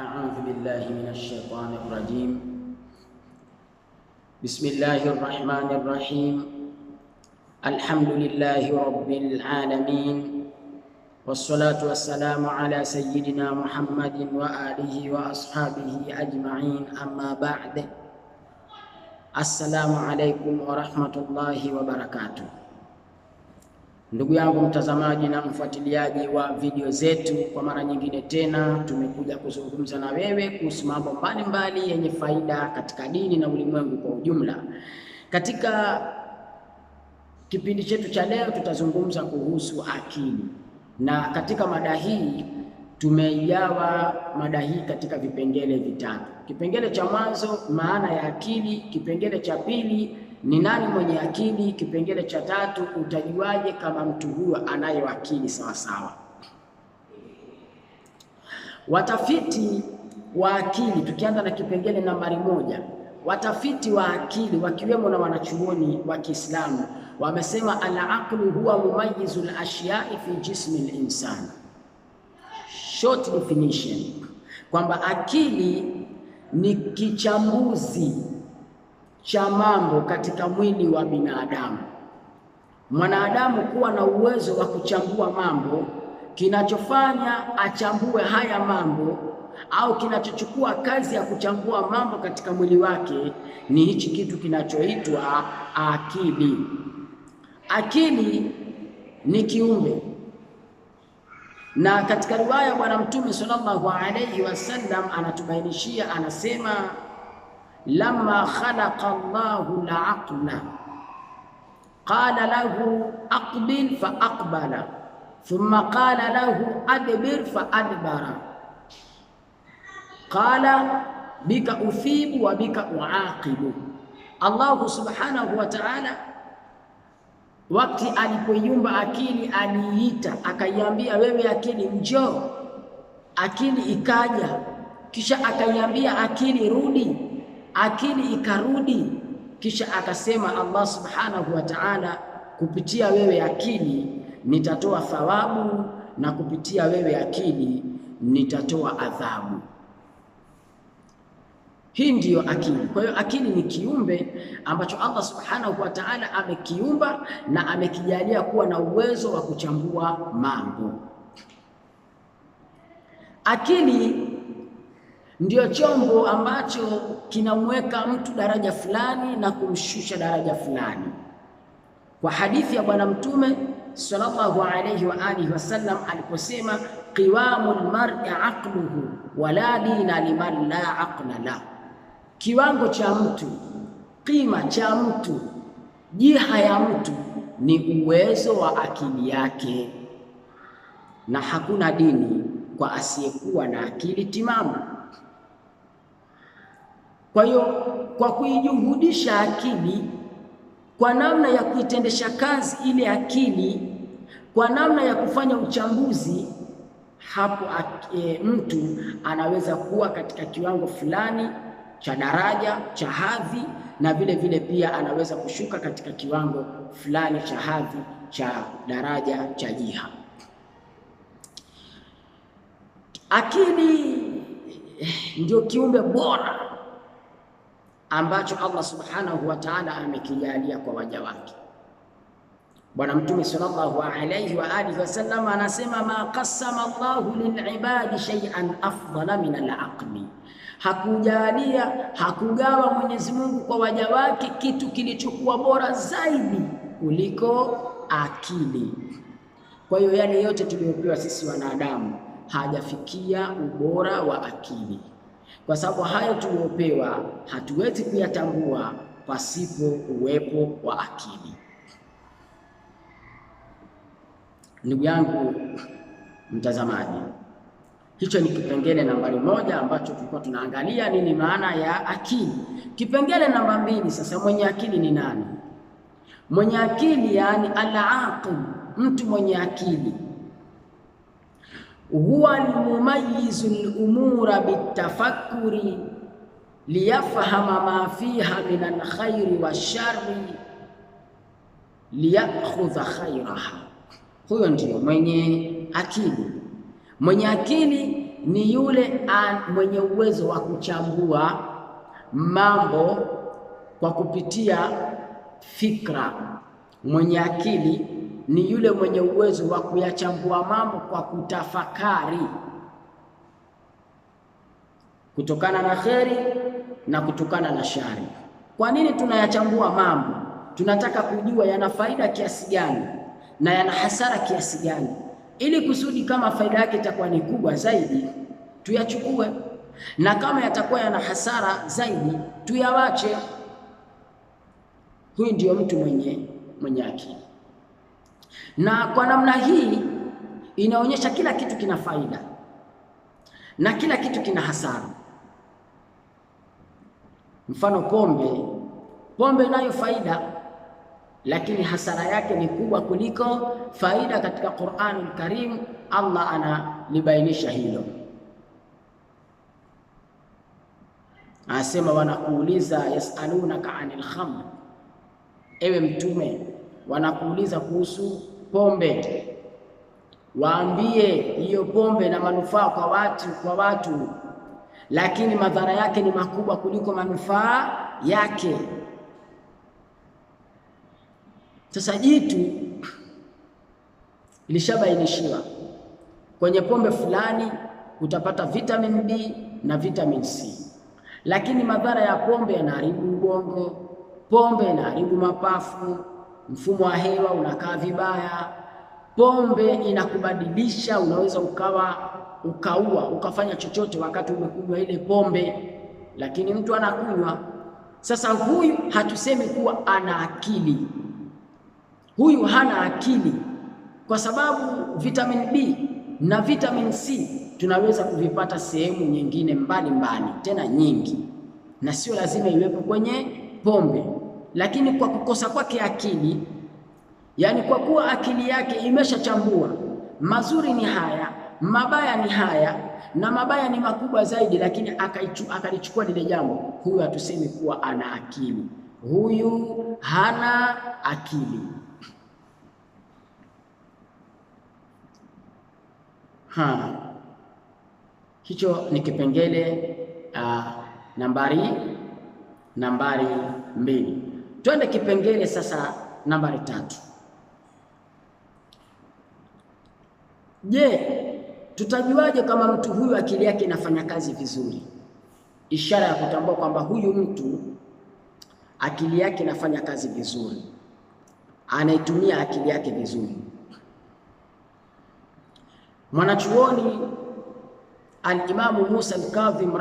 أعوذ بالله من الشيطان الرجيم بسم الله الرحمن الرحيم الحمد لله رب العالمين والصلاة والسلام على سيدنا محمد وآله وأصحابه أجمعين أما بعد السلام عليكم ورحمة الله وبركاته Ndugu yangu mtazamaji na mfuatiliaji wa video zetu, kwa mara nyingine tena tumekuja kuzungumza na wewe kuhusu mambo mbalimbali yenye faida katika dini na ulimwengu kwa ujumla. Katika kipindi chetu cha leo tutazungumza kuhusu akili, na katika mada hii tumeigawa mada hii katika vipengele vitatu. Kipengele cha mwanzo, maana ya akili; kipengele cha pili ni nani mwenye akili? Kipengele cha tatu, utajuaje kama mtu huyo anayo akili sawasawa? Watafiti wa akili, tukianza na kipengele nambari moja, watafiti wa akili wakiwemo na wanachuoni wa Kiislamu wamesema alaqlu huwa mumayyizu lashyai fi jismi linsani. Short definition kwamba akili ni kichambuzi cha mambo katika mwili wa binadamu. Mwanadamu kuwa na uwezo wa kuchambua mambo, kinachofanya achambue haya mambo au kinachochukua kazi ya kuchambua mambo katika mwili wake ni hichi kitu kinachoitwa akili. Akili ni kiumbe, na katika riwaya Bwana Mtume sallallahu alaihi wasallam anatubainishia, anasema lamma khalaqa Allahu al-aqla qala lahu aqbil fa aqbala thumma qala lahu adbir fa adbara qala bika uthibu wa bika uaqibu. Allahu subhanahu wa ta'ala wakati alipoiumba akili aliita, akaiambia wewe akili njoo, akili ikaja, kisha akaiambia akili rudi, akili ikarudi, kisha akasema Allah subhanahu wa ta'ala, kupitia wewe akili nitatoa thawabu na kupitia wewe akili nitatoa adhabu. Hii ndiyo akili. Kwa hiyo akili ni kiumbe ambacho Allah subhanahu wa ta'ala amekiumba na amekijalia kuwa na uwezo wa kuchambua mambo. Akili ndio chombo ambacho kinamweka mtu daraja fulani na kumshusha daraja fulani. Kwa hadithi ya Bwana Mtume sallallahu alayhi wa alihi wasallam aliposema, qiwamu lmari aqluhu wala dina liman la aqla la, kiwango cha mtu, kima cha mtu, jiha ya mtu ni uwezo wa akili yake, na hakuna dini kwa asiyekuwa na akili timamu. Kwa hiyo kwa kuijuhudisha akili kwa namna ya kuitendesha kazi ile akili kwa namna ya kufanya uchambuzi, hapo e, mtu anaweza kuwa katika kiwango fulani cha daraja cha hadhi, na vile vile pia anaweza kushuka katika kiwango fulani cha hadhi cha daraja cha jiha. Akili eh, ndio kiumbe bora ambacho Allah subhanahu wa ta'ala amekijalia kwa waja wake. Bwana Mtume sallallahu alayhi wa alihi wasallam anasema ma qasama Allahu lilibadi shay'an afdala min alaqli, hakujalia hakugawa Mwenyezi Mungu kwa waja wake kitu kilichokuwa bora zaidi kuliko akili. Kwa hiyo yale yote tuliyopewa sisi wanadamu hajafikia ubora wa akili kwa sababu hayo tuliyopewa hatuwezi kuyatambua pasipo uwepo wa akili. Ndugu yangu mtazamaji, hicho ni kipengele nambari moja ambacho tulikuwa tunaangalia nini maana ya akili. Kipengele namba mbili sasa, mwenye akili ni nani? Mwenye akili yaani al-aqil, mtu mwenye akili huwa almumayizu lumura bitafakuri liyafhama ma fiha min alkhairi washari liyakhudha khairaha. Huyo ndio mwenye akili. Mwenye akili ni yule an, mwenye uwezo wa kuchambua mambo kwa kupitia fikra. Mwenye akili ni yule mwenye uwezo wa kuyachambua mambo kwa kutafakari, kutokana na kheri na kutokana na shari. Kwa nini tunayachambua mambo? Tunataka kujua yana faida kiasi gani na yana hasara kiasi gani, ili kusudi kama faida yake itakuwa ni kubwa zaidi tuyachukue, na kama yatakuwa yana hasara zaidi tuyawache. Huyu ndiyo mtu mwenye mwenye akili na kwa namna hii inaonyesha kila kitu kina faida na kila kitu kina hasara. Mfano pombe, pombe inayo faida lakini hasara yake ni kubwa kuliko faida. Katika Qur'anul Karim Allah analibainisha hilo, anasema wanakuuliza yasalunaka anil khamr, ewe Mtume wanakuuliza kuhusu pombe, waambie hiyo pombe na manufaa kwa watu, kwa watu, lakini madhara yake ni makubwa kuliko manufaa yake. Sasa jitu ilishabainishiwa kwenye pombe fulani utapata vitamin B na vitamin C, lakini madhara ya pombe yanaharibu ubongo, pombe inaharibu mapafu mfumo wa hewa unakaa vibaya, pombe inakubadilisha, unaweza ukawa ukaua ukafanya chochote wakati umekunywa ile pombe, lakini mtu anakunywa. Sasa huyu hatusemi kuwa ana akili, huyu hana akili, kwa sababu vitamin B na vitamin C tunaweza kuvipata sehemu nyingine mbalimbali mbali, tena nyingi, na sio lazima iwepo kwenye pombe lakini kwa kukosa kwake akili, yani kwa kuwa akili yake imeshachambua mazuri ni haya, mabaya ni haya, na mabaya ni makubwa zaidi, lakini akalichukua lile jambo, huyu hatusemi kuwa ana akili, huyu hana akili. Ha. Hicho ni kipengele uh, nambari nambari mbili. Twende kipengele sasa nambari tatu. Je, tutajuaje kama mtu huyu akili yake inafanya kazi vizuri? Ishara ya kutambua kwamba huyu mtu akili yake inafanya kazi vizuri, anaitumia akili yake vizuri. Mwanachuoni Alimamu Musa Alkadhim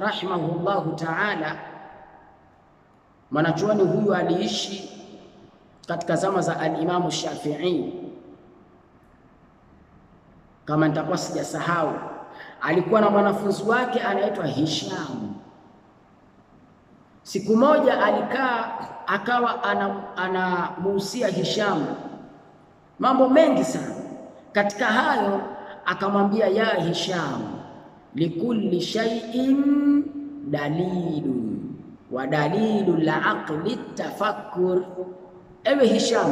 rahimahullahu taala Mwanachuoni huyu aliishi katika zama za alimamu Shafi'i, kama nitakuwa sijasahau. Alikuwa na mwanafunzi wake anaitwa Hisham. Siku moja alikaa akawa anamuhusia ana Hisham mambo mengi sana. Katika hayo akamwambia, ya Hisham, likulli shay'in dalilun wa dalilu la aqli tafakkur. Ewe Hisham,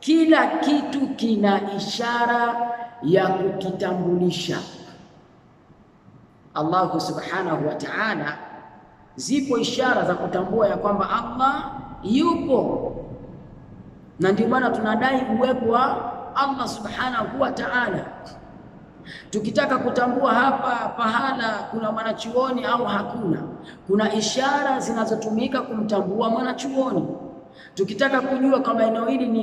kila kitu kina ishara ya kukitambulisha. Allahu subhanahu wa ta'ala, zipo ishara za kutambua ya kwamba Allah yupo, na ndio maana tunadai uwepo wa Allah subhanahu wa ta'ala. Tukitaka kutambua hapa pahala kuna mwanachuoni au hakuna, kuna ishara zinazotumika kumtambua mwanachuoni. Tukitaka kujua kama eneo hili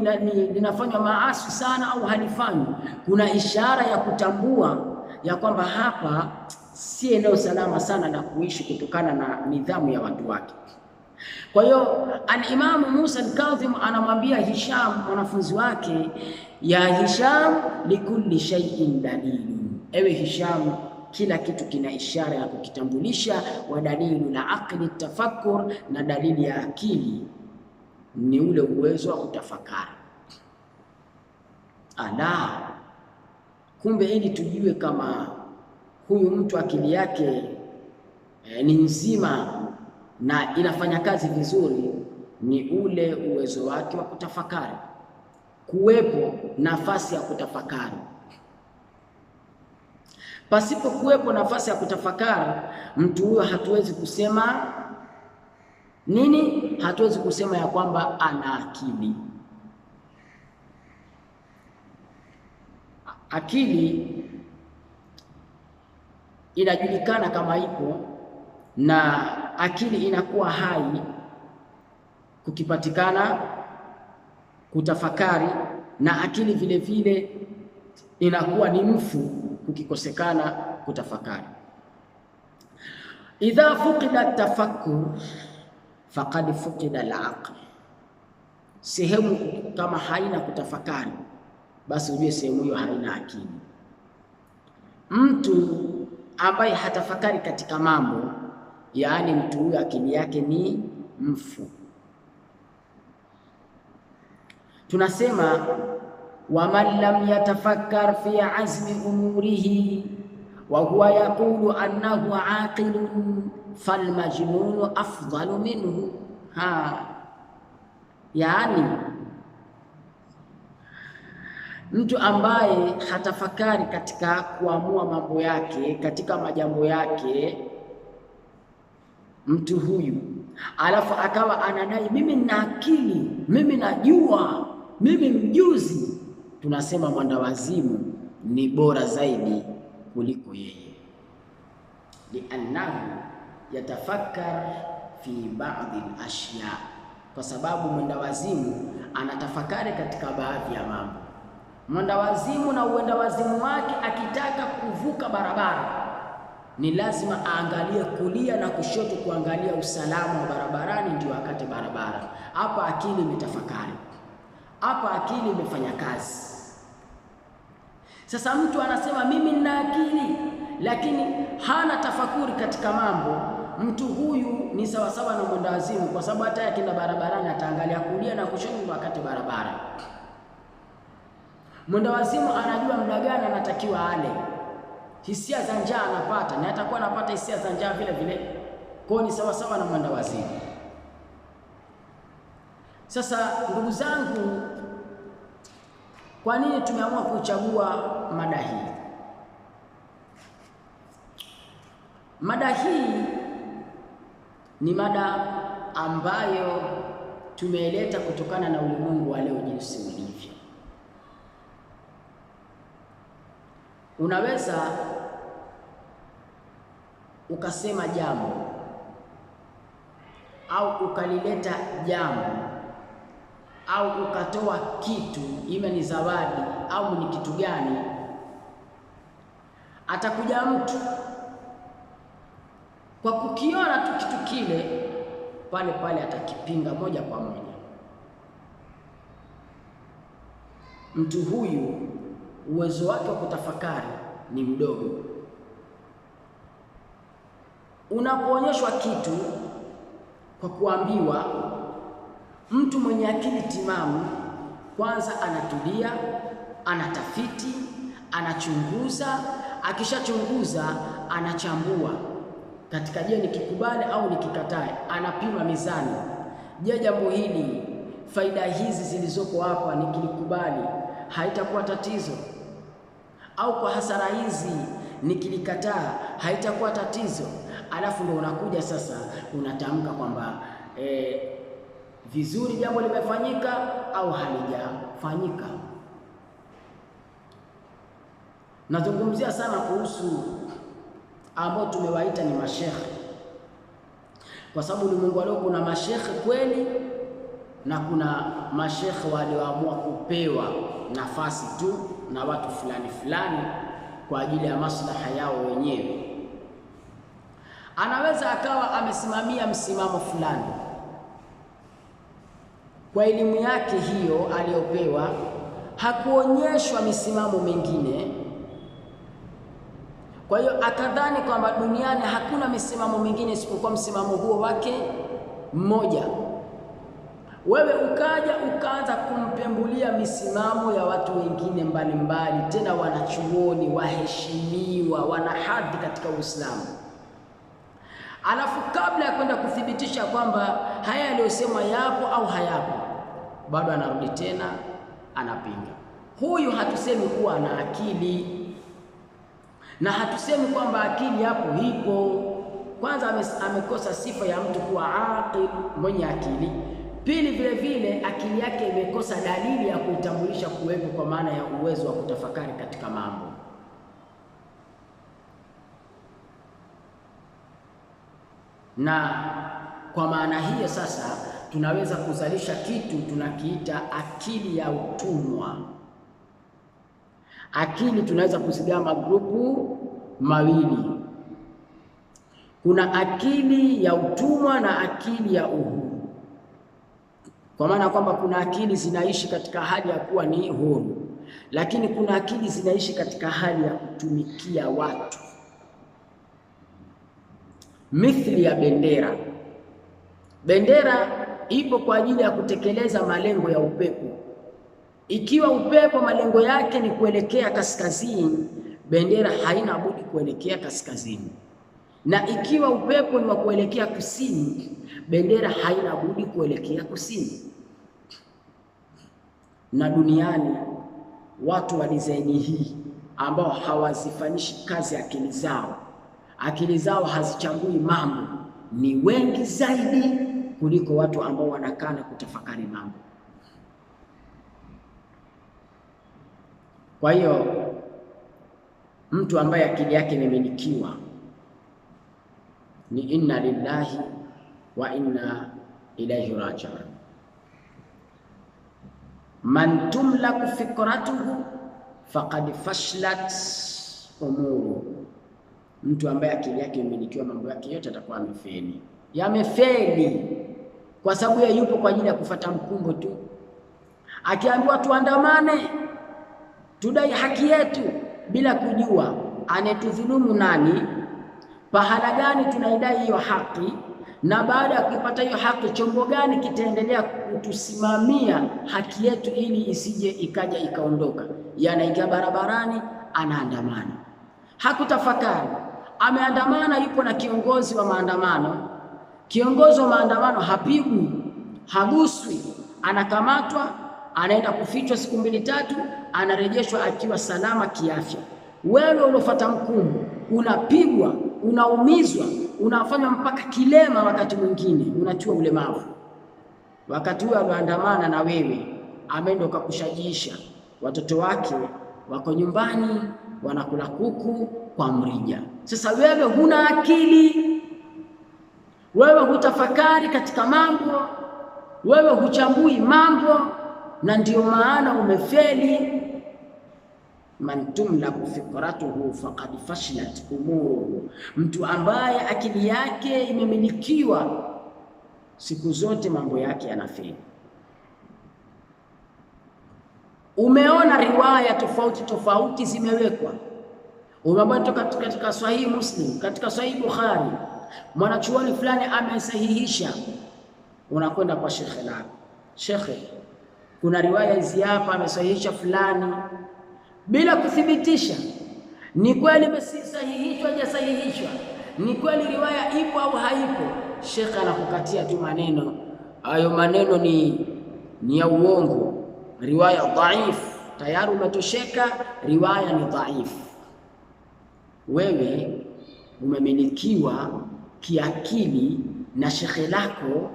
linafanywa maasi sana au halifanywi, kuna ishara ya kutambua ya kwamba hapa si eneo salama sana la kuishi kutokana na nidhamu ya watu wake. Kwa hiyo alimamu Musa al-Kadhim anamwambia Hisham mwanafunzi wake, ya Hisham likulli shay'in dalilu, ewe Hisham, kila kitu kina ishara ya kukitambulisha. Wa dalilu la aqli tafakkur, na dalili ya akili ni ule uwezo wa kutafakari. Ala, kumbe ili tujue kama huyu mtu akili yake eh, ni nzima na inafanya kazi vizuri ni ule uwezo wake wa kutafakari, kuwepo nafasi ya kutafakari. Pasipo kuwepo nafasi ya kutafakari, mtu huyo hatuwezi kusema nini? Hatuwezi kusema ya kwamba ana akili. Akili inajulikana kama ipo na akili inakuwa hai kukipatikana kutafakari, na akili vile vile inakuwa ni mfu kukikosekana kutafakari. Idha fuqida tafakkur faqad fuqida alaql, sehemu kama haina kutafakari, basi ujue sehemu hiyo haina akili. Mtu ambaye hatafakari katika mambo yaani mtu huyo akili yake ni mfu. Tunasema waman lam yatafakkar fi azmi umurihi wa huwa yaqulu annahu aqilun falmajnunu afdalu minhu ha, yaani mtu ambaye hatafakari katika kuamua mambo yake katika majambo yake mtu huyu, alafu akawa anadai mimi nina akili, mimi najua, mimi mjuzi, tunasema mwendawazimu ni bora zaidi kuliko yeye, liannahu yatafakkar fi baadhi lashya kwa sababu mwendawazimu anatafakari katika baadhi ya mambo. Mwendawazimu na wazimu wake akitaka kuvuka barabara ni lazima aangalie kulia na kushoto, kuangalia usalama wa barabarani ndio akate barabara. Hapa akili imetafakari, hapa akili imefanya kazi. Sasa mtu anasema mimi nina akili, lakini hana tafakuri katika mambo. Mtu huyu ni sawasawa na mwendawazimu, kwa sababu hata akienda barabarani ataangalia kulia na kushoto ndio akate barabara. Mwendawazimu anajua muda gani anatakiwa ale hisia za njaa anapata na atakuwa anapata hisia za njaa vile vile. Kwa ni ni sawasawa na mwendawazili. Sasa ndugu zangu, kwa nini tumeamua kuchagua mada hii? Mada hii ni mada ambayo tumeileta kutokana na ulimwengu wa leo jinsi ulivyo. Unaweza ukasema jambo au ukalileta jambo au ukatoa kitu, iwe ni zawadi au ni kitu gani, atakuja mtu kwa kukiona tu kitu kile pale pale atakipinga moja kwa moja. Mtu huyu uwezo wake wa kutafakari ni mdogo. Unapoonyeshwa kitu kwa kuambiwa, mtu mwenye akili timamu kwanza anatulia, anatafiti, anachunguza, akishachunguza anachambua katika, je, nikikubali au nikikatae, anapima mizani. Je, jambo hili faida hizi zilizoko hapa nikilikubali haitakuwa tatizo, au kwa hasara hizi nikilikataa haitakuwa tatizo. Alafu ndio unakuja sasa unatamka kwamba e, vizuri jambo limefanyika au halijafanyika. Nazungumzia sana kuhusu ambao tumewaita ni mashekhe, kwa sababu ulimwengu wa leo kuna mashekhe kweli na kuna mashekhe walioamua kupewa nafasi tu na watu fulani fulani kwa ajili ya maslaha yao wenyewe. Anaweza akawa amesimamia msimamo fulani kwa elimu yake hiyo aliyopewa, hakuonyeshwa misimamo mingine. Kwa hiyo akadhani kwamba duniani hakuna misimamo mingine isipokuwa msimamo huo wake mmoja wewe ukaja ukaanza kumpembulia misimamo ya watu wengine mbalimbali tena wanachuoni waheshimiwa, wana hadhi katika Uislamu, alafu kabla ya kwenda kuthibitisha kwamba haya yaliyosemwa yapo au hayapo, bado anarudi tena anapinga. Huyu hatusemi kuwa ana akili na hatusemi kwamba akili hapo ipo. Kwanza amekosa sifa ya mtu kuwa aqil, mwenye akili Pili, vile vile akili yake imekosa dalili ya kuitambulisha kuwepo kwa maana ya uwezo wa kutafakari katika mambo. Na kwa maana hiyo sasa tunaweza kuzalisha kitu tunakiita akili ya utumwa. Akili tunaweza kuzigawa magrupu mawili. Kuna akili ya utumwa na akili ya uhuru. Kwa maana kwamba kuna akili zinaishi katika hali ya kuwa ni huru, lakini kuna akili zinaishi katika hali ya kutumikia watu, mithili ya bendera. Bendera ipo kwa ajili ya kutekeleza malengo ya upepo. Ikiwa upepo malengo yake ni kuelekea kaskazini, bendera haina budi kuelekea kaskazini, na ikiwa upepo ni wa kuelekea kusini, bendera haina budi kuelekea kusini na duniani watu wa dizaini hii ambao hawazifanyishi kazi akili zao, akili zao hazichambui mambo, ni wengi zaidi kuliko watu ambao wanakaa na kutafakari mambo. Kwa hiyo mtu ambaye akili yake imemilikiwa ni inna lillahi wa inna ilaihi rajiun man tumlaku fikratuhu faqad fashlat umuru, mtu ambaye akili yake imilikiwa mambo yake yote atakuwa amefeli, yamefeli kwa sababu ya yupo kwa ajili ya kufata mkumbo tu. Akiambiwa tuandamane tudai haki yetu bila kujua anetudhulumu nani, pahala gani tunaidai hiyo haki na baada ya kupata hiyo haki, chombo gani kitaendelea kutusimamia haki yetu ili isije ikaja ikaondoka? Yanaingia barabarani, anaandamana, hakutafakari. Ameandamana, yupo na kiongozi wa maandamano. Kiongozi wa maandamano hapigwi, haguswi, anakamatwa, anaenda kufichwa siku mbili tatu, anarejeshwa akiwa salama kiafya. Wewe uliofuata mkumu unapigwa, unaumizwa unafanya mpaka kilema, wakati mwingine unatiwa ulemavu. Wakati huyo aloandamana na wewe ameenda ukakushajiisha, watoto wake wako nyumbani wanakula kuku kwa mrija. Sasa wewe huna akili, wewe hutafakari katika mambo, wewe huchambui mambo, na ndio maana umefeli man tumlaku fikratuhu faqad fashilat umuruhu, mtu ambaye akili yake imemilikiwa siku zote mambo yake yanafeli. Umeona riwaya tofauti tofauti zimewekwa, umeona katika Sahihi Muslim, katika Sahihi Bukhari, mwanachuoni fulani amesahihisha, unakwenda kwa shekhe lako, shekhe, kuna riwaya hizi hapa, amesahihisha fulani bila kuthibitisha ni kweli imesahihishwa hajasahihishwa, ni kweli riwaya ipo au haipo. Shekhe anakukatia tu maneno hayo, maneno ni ni ya uongo, riwaya dhaifu. Tayari umetosheka, riwaya ni dhaifu. Wewe umemilikiwa kiakili na shekhe lako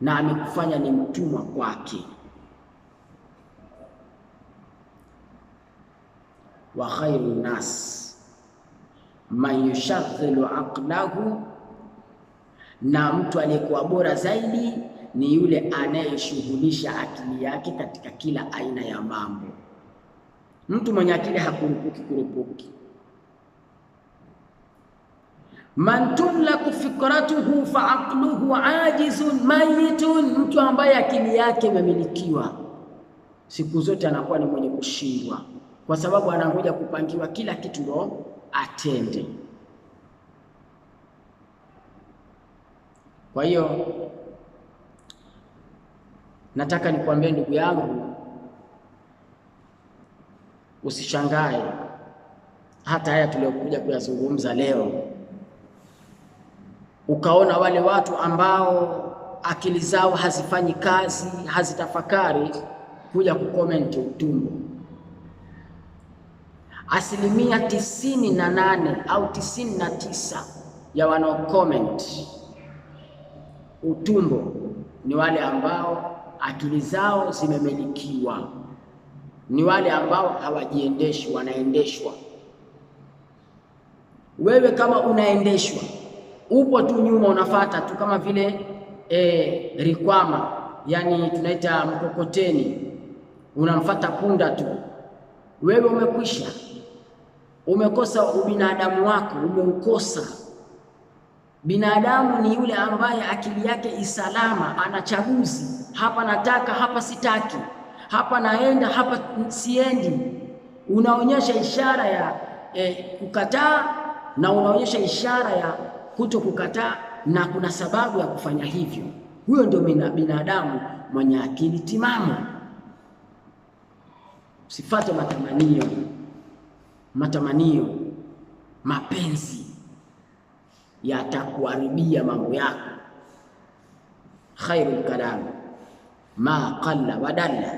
na amekufanya ni mtumwa kwake. wa khairu nas man yushaghilu aqlahu, na mtu aliyekuwa bora zaidi ni yule anayeshughulisha akili yake katika kila aina ya mambo. Mtu mwenye akili hakurupuki kurupuki. man tumlaku fikratuhu fa aqluhu ajizun mayitun, mtu ambaye akili yake imemilikiwa siku zote anakuwa ni mwenye kushindwa kwa sababu anangoja kupangiwa kila kitu ndo atende. Kwa hiyo nataka nikuambie ndugu yangu, usishangae hata haya tuliyokuja kuyazungumza leo, ukaona wale watu ambao akili zao hazifanyi kazi, hazitafakari, kuja kukomenti utumbo asilimia tisini na nane au tisini na tisa ya wanao comment utumbo ni wale ambao akili zao zimemilikiwa, ni wale ambao hawajiendeshi, wanaendeshwa. Wewe kama unaendeshwa, upo tu nyuma, unafata tu kama vile e, rikwama, yani tunaita mkokoteni, unamfata punda tu wewe umekwisha, umekosa ubinadamu wako, umeukosa. Binadamu ni yule ambaye akili yake isalama, ana chaguzi, hapa nataka, hapa sitaki, hapa naenda, hapa siendi. Unaonyesha ishara ya eh, kukataa na unaonyesha ishara ya kuto kukataa, na kuna sababu ya kufanya hivyo. Huyo ndio binadamu mwenye akili timamu usifate matamanio, matamanio, mapenzi yatakuharibia mambo yako. Khairul kalam ma qalla wa dalla.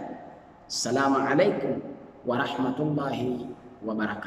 Assalamu alaikum wa rahmatullahi wa barakatuh.